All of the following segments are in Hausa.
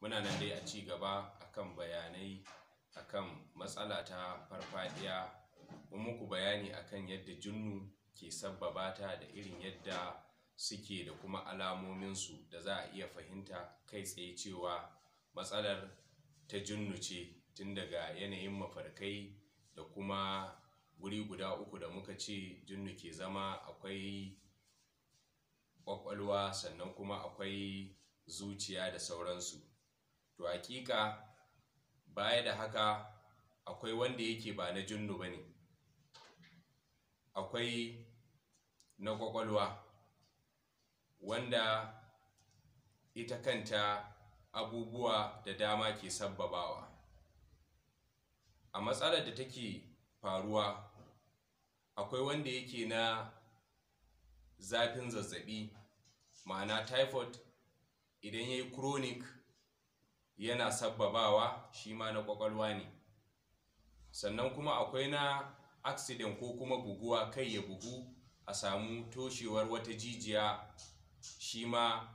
muna nan dai a ci gaba akan bayanai akan matsala ta farfadiya mun muku bayani akan yadda junnu ke sabbaba ta da irin yadda suke da kuma alamominsu da za a iya fahimta kai tsaye cewa matsalar ta junnu ce tun daga yanayin mafarkai da kuma guri guda uku da muka ce junnu ke zama akwai ƙwaƙwalwa sannan kuma akwai zuciya da sauransu to hakika baya da haka akwai wanda yake ba na jinnu ba ne akwai na kwakwalwa wanda ita kanta abubuwa da dama ke sabbabawa a matsalar da take faruwa akwai wanda yake na zafin zazzabi ma'ana typhoid idan ya yi chronic yana sabbabawa shi ma na kwakwalwa ne sannan kuma akwai na accident ko kuma buguwa kai ya bugu a samu toshewar wata jijiya shi ma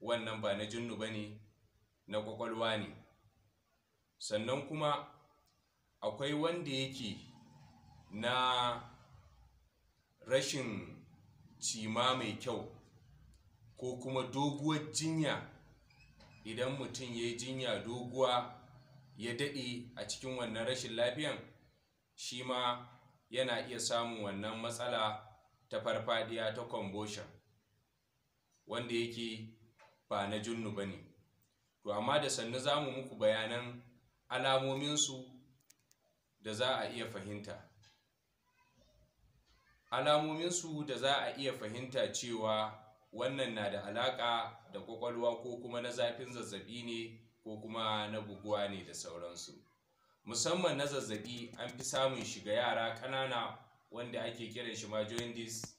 wannan ba na jinnu ba ne na kwakwalwa ne sannan kuma akwai wanda yake na rashin cima mai kyau ko kuma doguwar jinya idan mutum ya yi jinya doguwa ya daɗe a cikin wannan rashin lafiyan shi ma yana iya samun wannan matsala ta farfadiya ta convulsion wanda yake ba na junnu ba ne to amma da sannu za mu muku bayanan alamominsu da za a iya fahimta alamominsu da za a iya fahimta cewa wannan na da alaƙa da kwakwalwa ko kuma na zafin zazzaɓi ne ko kuma na buguwa ne da sauransu musamman na zazzaɓi an fi samun shiga yara ƙanana wanda ake kiran shi ma jaundice